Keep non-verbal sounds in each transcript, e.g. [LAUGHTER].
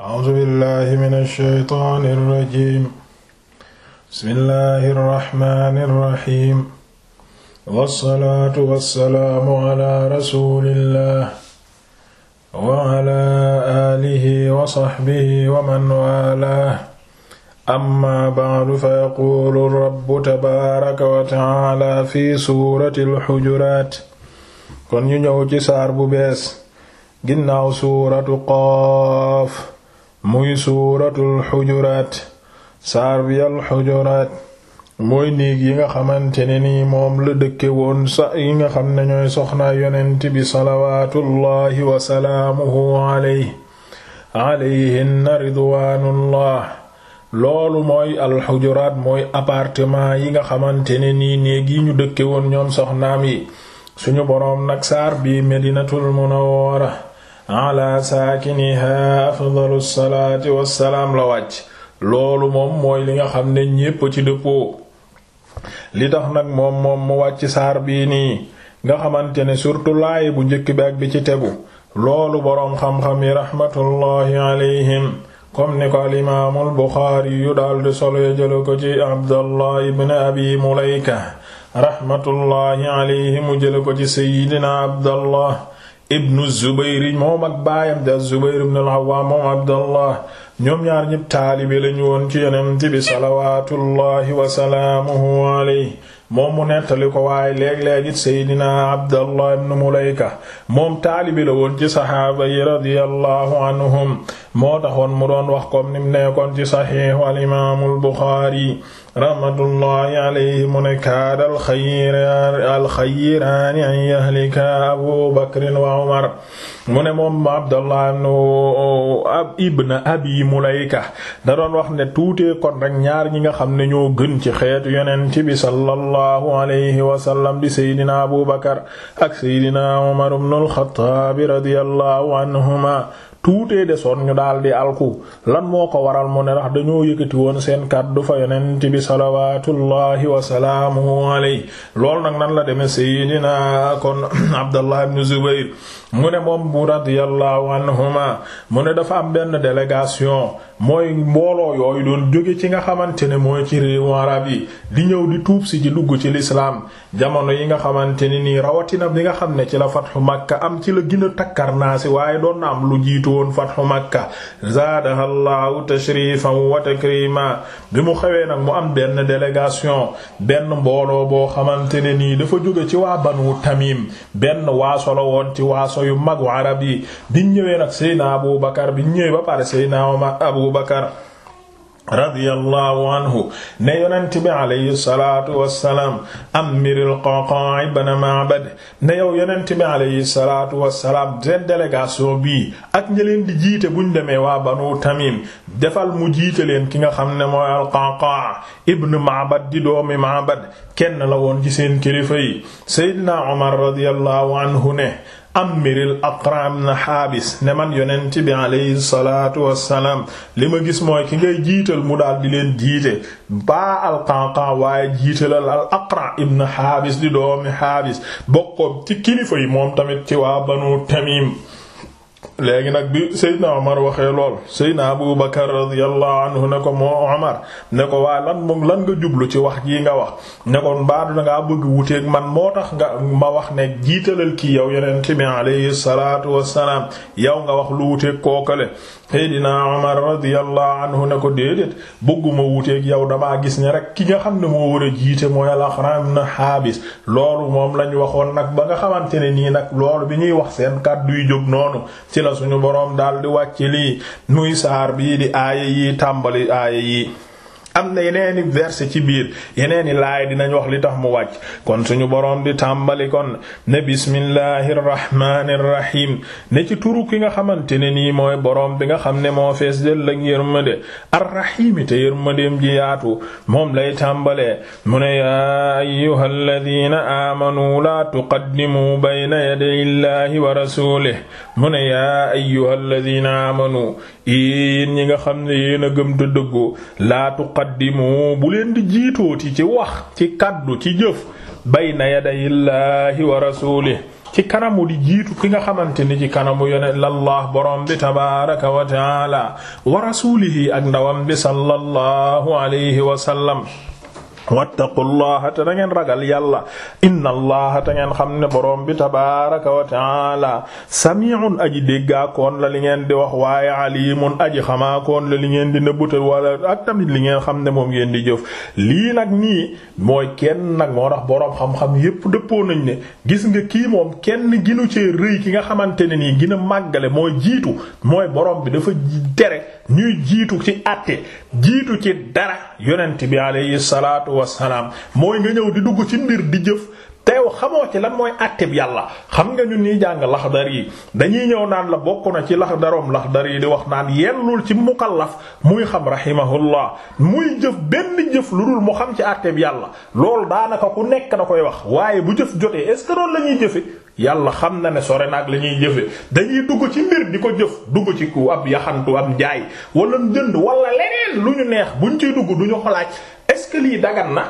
A'uuzu billaahi mina shaytaani rajiim. Bismillaahi rahmaani rahiim. Wassalaatu wassalaamu alaa rasuulillaah wa alaa aalihi wa sahbihi wa man waalaah. Ammaa ba'du fayaquulu rabbu tabaaraka wa ta'aalaa fi suuratil hujuraat. Kon ñu ñëw ci saar bu bees ginnaaw suuratu qaaf. muy suuratul xujuraat saar bi al xujuraat mooy néeg yi nga xamante ne nii moom la dëkke woon sa yi nga xam ne ñooy soxnaa yonent bi salawaatullaahi wa salaamuhu alayhi alayhinna ridwaanullah loolu mooy al mooy appartement yi nga xamante ne nii néeg yi ñu dëkke woon ñoom soxnaam yi suñu boroom nag saar bi medinatul munawwara ala saakiniha afdalu la wàcc loolu xam ne ñépp ci dëppoo li tax nag moom moom mu wàcc nii nga xamante ne surtout laay bu njëkk bi ak bi ci tegu boroom xam-xam yi raxmatullaahi alayhim comme ni ko yu daal di solo ko ci abdallah ibn abi mulayka raxmatullaahi alayhi mu jële ko ci seydina abdallah ibnu Zubayr moom ak baayam da Zubayr ibn al-Awwam moom Abdallah ñoom ñaar ñëpp taalibe lañu woon ci yonent bi wa salaamuhu alayhi moom mu nettali ko waaye léeg-léeg it seydina abdallah ibn mulayka moom taalibe la woon ci saxaaba yi radiyallahu anhum wax comme nim nekkoon ci saxiixu al imaamu al buxaari rahmatullahi alayhi mu an yahlika abu bakrin wa umar mu ne moom abdallah ibn abi mulayka da doon wax ne tuutee kon rek ñaar ñi nga xam ne ñoo gën ci xeet xeetu yonent bi sallallahu alayhi wa sallam di seydina abu bakar ak seydina umar ibn al-xattaab radiyallahu anhuma tuutee desoon ñu daal di alku lan moo ko waral mu ne ndax dañoo yëkkati woon seen kàddu fa yonent bi salawaatullahi wa salaamuhu alayhi loolu nag nan la deme demee Seydina kon [CLEARS THROAT] Abdallah ibn Zubayr mu ne moom bu radiyallahu anhuma mu ne dafa am benn délégation mooy mbooloo yooyu doon jóge ci nga xamante ne mooy ci réewu arab yi di ñëw di tuub si ci dugg ci lislaam jamono yi nga xamante ne nii rawatina bi nga xam ne ci la fatxu makka am ci la gën a si waaye doon na am lu jiitu woon fatxu makka zaadaha llahu tashrifan wa takrima bi mu xewee nag mu am benn délégation benn mbooloo boo xamante ne nii dafa jóge ci waa banu tamim benn waaso la woon ci waaso yu magu arab yi biñ ñëwee nag seyna abu bakar biñ ñëwee ba pare abu Abu Bakar radiyallahu anhu ne yonent bi alayhi salaatu wassalaam amiril Qaqaa ibn Ma'bad ne yow yonent bi alayhi salaatu wassalaam seen bii ak ña leen di jiite buñ demee waa Banu Tamim defal mu jiite leen ki nga xam ne mooy al-Qaqaa ibn Ma'bad di doomi Ma'bad kenn la woon ci seen kilifa yi anhu ne amiril aqram na xaabis ne man yonent bi alayhi salaatu wassalaam li ma gis mooy ki ngay jiital mu daal di leen jiite baa alqanqan waaye jiitalal al aqra ibn xaabis di doomi xaabis bokkoon ci kilifa moom tamit ci waa banu tamim léegi nag bi Seydina Omar waxee lool Seydina Abu Bakar radiyallahu anhu ne ko moo Omar ne ko waa lan moom lan nga jublu ci wax jii nga wax ne ko mbaadu da ngaa bëgg wuteeg man moo tax nga ma wax ne jiitalal kii yow yeneen bi alayhi salaatu wassalaam yow nga wax lu wuteeg kookale Seydina Omar radiyallahu anhu ne ko déedéet bëgguma wuteeg yow damaa gis ne rek ki nga xam ne moo war a jiite mooy al-Aqram na xaabis loolu moom lañ waxoon nag ba nga xamante ne nii nag loolu bi ñuy wax seen kàddu yu jóg noonu la suñu boroom daal di wàcc lii muy saar bii di aaya yi tàmbali aaya yi am na yeneeni verset ci biir yeneeni laay dinañ wax li tax mu wàcc kon suñu boroom di tàmbali kon na bismillahi rrahmani rrahim ne ci turu ki nga xamante ne nii mooy boroom bi nga xam ne moo fees dëll ak yërmande arrahimi te yërmandeem ji yaatu moom lay tàmbalee mu ne yaa ayyuha alladina aamanu laa tuqaddimu bayna yaday illahi wa rasulih mu ne yaa ayyuha alladina aamanu yéen ñi nga xam ne yéen a gëm te dëggu tuqaddimu bu leen di jiitooti ci wax ci kaddu ci jëf bayna yadayillaahi wa rasuulih ci kanamu di jiitu ki nga xamante ni ci kanamu yone lallah borom bi tabaaraka wa taala wa rasuulihi ak ndawam bi sallallahu alayhi wa sallam wattaqullaha te na ngeen ragal yàlla inna allaha te ngeen xam ne borom bi tabaraka wa taala sami'un aji déggaakoon la li ngeen di wax waaye alimun aji xamaakoon la li ngeen di nëbbute wala ak tamit li ngeen xam ne moom ngeen di jëf lii nag nii mooy kenn nag moo tax boroom xam-xam yépp dëppoo nañ ne gis nga kii moom kenn ginu cee rëy ki nga xamante ne nii gina màggale mooy jiitu mooy borom bi dafa tere ñuy jiitu ci àtte jiitu ci dara yonent bi alayhi wassalaam mooy nga ñëw di dugg ci mbir di jëf teew xamoo ci lan mooy àtteb yàlla xam nga ñun ñuy jàng laxdar yi dañuy ñëw naan la bokk na ci laxdaroom laxdar yi di wax naan yellul ci mukallaf muy xam rahimahullah muy jëf benn jëf lu dul mu xam ci àtteb yàlla loolu daanaka ku nekk da koy wax waaye bu jëf jotee est ce que la ñuy jëfe yàlla xam na ne sore naag la ñuy jëfe dañuy dugg ci mbir di ko jëf dugg ci ku ab yaxantu am njaay wala jënd wala leneen lu ñu neex buñ ciy dugg du ñu xalaat est-ce que lii dagan na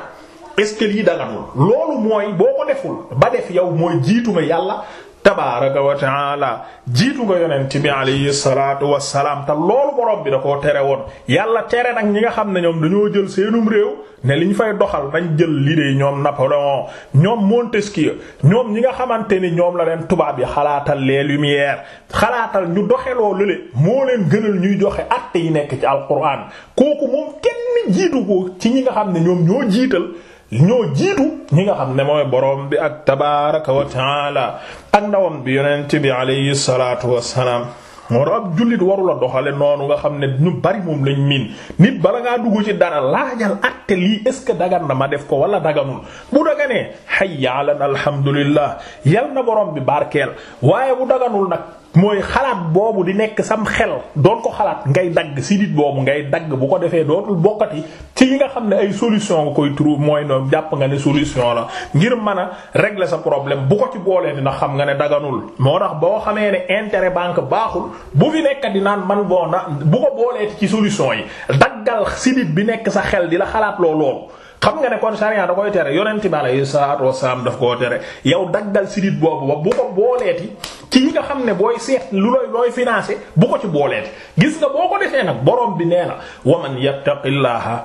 est-ce que lii daganul loolu mooy boo ko deful ba def yow mooy jiitu nga yàlla tabaaraka wa taala jiitu nga yonent bi alayhi salaatu salaam te loolu borom robbi da koo tere woon yàlla tere nag ñi nga xam ne ñoom dañoo jël seenum réew ne li ñu fay doxal dañ jël l'idée ñoom Napoléon ñoom Montesquieu ñoom ñi nga xamante ni ñoom la leen tubaab yi xalaatal les lumières xalaatal ñu doxeloo lële moo leen gënal ñuy joxe actes yi nekk ci alquran kooku moom kenn jiitu ko ci ñi nga xam ne ñoom ñoo jiital. ñoo jiitu ñi nga xam ne mooy borom bi ak tabaaraka wa taala ak ndawam bi yonent bi alayhi salaatu wassalaam moo tax ab jullit warula doxale noonu nga xam ne ñu bari moom lañ miin nit bala ngaa dugg ci dara laajal atte lii est ce que dagan na ma def ko wala daganul bu daganee hayya ala yal na borom bi barkeel waaye bu daganul nag mooy xalaat boobu di nekk sam xel doon ko xalaat ngay dagg sidit boobu ngay dagg bu ko defee dootul bokkati ci yi nga xam ne ay solution nga koy trouver mooy no jàpp nga ne solution la ngir mën a régler sa problème bu ko ci boolee dina xam nga ne daganul moo tax boo xamee ne intérêt banque baaxul bu fi di naan man boo na bu ko booleeti ci solution yi daggal sidit bi nekk sa xel di la xalaat loo loolu xam nga ne kon sariya da koy tere yonent bi alayhi salaatu wassalaam daf koo tere yow daggal sidit boobu ba bu ko booleeti ci yi nga xam ne booy seet lu looy looy financé bu ko ci booleet gis nga boo ko defee nag borom bi nee na waman yattaqillaha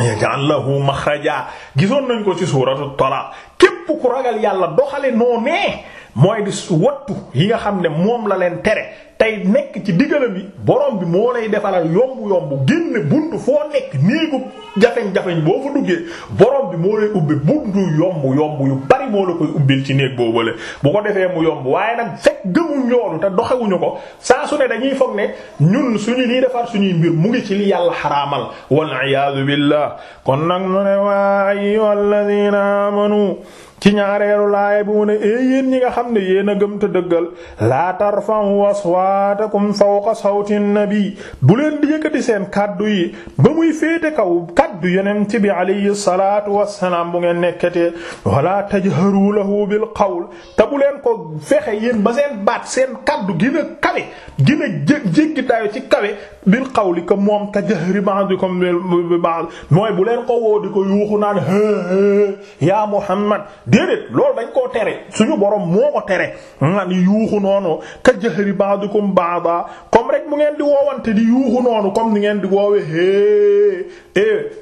yaj'al lahu makhraja gisoon nañ ko ci suuratu talaq képp ku ragal yàlla doxale noonee mooy di wattu yi nga xam ne moom la leen tere tey nekk ci diggalam yi borom bi moo lay defalal yomb yomb génn buntu foo nekk néegu jafeñ-jafeñ boo fa duggee borom bi moo lay ubbi buntu yombu yombu yu bari moo la koy ubbil ci néeg boobale bu ko defee mu yomb waaye nag fekk gëmuñ loolu te doxewuñu ko saa su ne dañuy foog ne ñun suñu liy defar suñuy mbir mu ngi ci li yàlla xaraamal wal iyaadu billah kon nag mu waa ayyuhal ladina amanu ci xam ne yéen a gëm te dëggal laa tarfa'u aswaatakum fawqa sawti nabi bu leen di yëkkati seen kàddu yi ba muy féete kaw kàddu yonent bi alayhi salaatu wassalaam bu ngeen nekkatee wala tajharu lahu bil qawl te bu leen ko fexe yéen ba seen baat seen kàddu gën kawe gën a ci kawe bil qawli ko moom tajahri ba'dukum bi ba'd mooy bu ko woo di ko yuuxu naan yaa Muhammad déedéet loolu dañ koo tere suñu borom moo ko tere naan yuuxu noonu tajahri ba'dukum ba'da comme rek mu ngeen di woowante di yuuxu noonu comme ni ngeen di woowe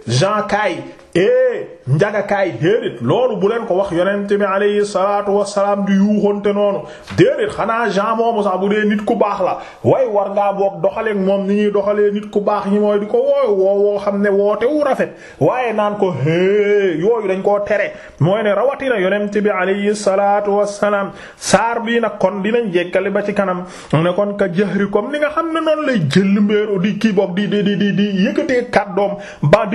Jean Kay ee eh, njagakaay déedéet loolu bu leen ko wax yonente bi alayhi salaatu wasalaam di yuuxonte noonu déedéet xanaa Jean moomu sax bu dee nit ku baax la way war ngaa boog doxaleek moom ni ñuy doxalee nit ku baax ñi mooy di ko wooyu woo woo xam ne woote wu rafet waaye naan ko hee yooyu dañ ko tere mooy ne rawatina yonente bi alayhi salaatu wasalaam saar bii nag kon dinañ jekkale ba ci kanam ne kon ka jëhri comme ni nga xam ne noonu lay jël mbéeru di kii boog di di di di di yëkkatee kàddoom ba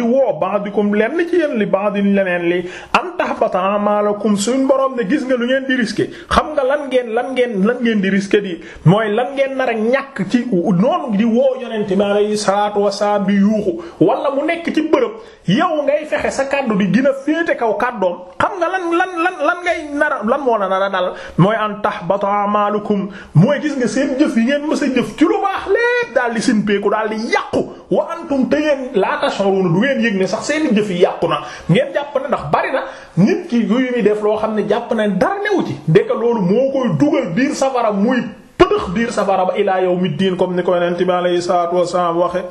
ba di ko lenn ci yéen li baadin leneen li am tahbata a'malukum suñ borom ne gis nga lu ngeen di risqué xam nga lan ngeen lan ngeen lan ngeen di risqué di mooy lan ngeen nar a ñàkk ci noonu di woo yonent bi alayhi salaatu wasalaam bi yuuxu wala mu nekk ci bërëb yow ngay fexe sa kàddu di gën a kaw kàddoom xam nga lan lan lan lan ngay nara lan moo la nara dal mooy an tahbata a'malukum mooy gis nga seen jëf yi ngeen mës a jëf ci lu baax lépp daal di simpeeku daal di yàqu wa antum te ngeen la tash'uruna du ngeen yëg ne sax seen jëf yi yàqu yàqu na ngeen jàpp ne ndax bari na nit ki yu muy def loo xam ne jàpp na dara newu ci ndeka loolu moo koy dugal biir safara muy pëtëx biir safara ba ilaa yawmi diin comme ni ko yonent bi alayhi salaatu wassalaam waxe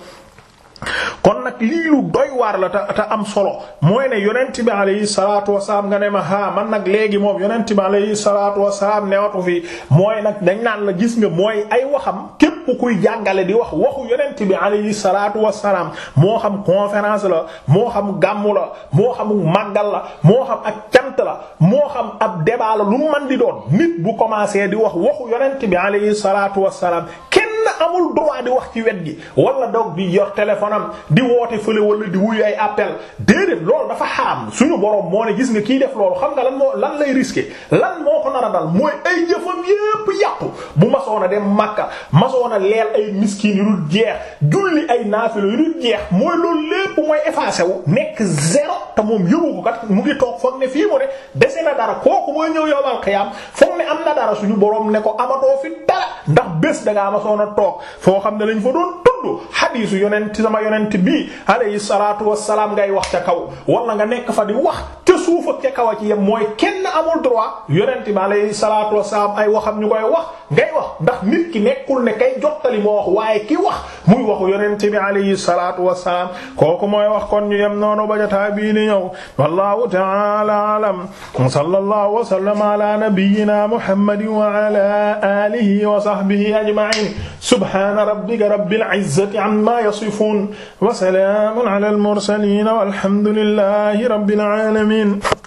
kon nag lii lu doy waar la te am solo mooy ne yonent bi alayhi salaatu wasalaam nga ma haa man nag léegi moom yonent bi alayhi salaatu wasalaam newatu fi mooy nag dañ naan la gis nga mooy ay waxam ku kuy jàngale di wax waxu yonent bi alayhi salaatu wassalaam moo xam conférence la moo xam gàmmu la moo xam màggal la moo xam ak cant la moo xam ab débat la lu man di doon nit bu commencé di wax waxu yonent bi alayhi salaatu wassalaam amul droit di wax ci wet gi wala doog di yor téléphone am di woote fële wala di wuyu ay appel déedéet loolu dafa xaram suñu borom moo ne gis nga kii def loolu xam nga lan moo lan lay risqué moo ko nar a dal mooy ay jëfam yépp yàqu bu a dem Makka masoon a leel ay miskin yu dul jeex julli ay naafilo yu dul jeex mooy loolu lépp mooy effacé wu nekk zéro te moom yëgu ko kat mu ngi toog foog ne fii mu de dese na dara kooku mooy ñëw yowal xiyaam foog ne am na dara suñu borom ne ko amatoo fi dara ndax bés da ngaa masoon a toog foo xam ne lañ tudd xadiisu yonent sama yonent bi alayhi salaatu wassalaam ngay wax ca kaw wala nga nekk fa di wax te suuf ak ca kaw a ci yem mooy kenn amul droit yonent bi alayhi salaatu wassalaam ay waxam ñu koy wax ngay wax ndax nit ki nekkul ne kay jottali moo wax waaye ki wax muy waxu yonent bi alayhi salaatu wassalaam kooku mooy wax kon ñu yem noonu ba jotaay bii ni ñëw wallahu ta'ala a'lam sallallahu wa sallama ala nabiyyina muhammadin wa ala alihi wa sahbihi ajma'in subhana rabbika rabbil izzati amma yasifun wa salaamun ala al-mursaliin walhamdulillahi rabbil aalamiin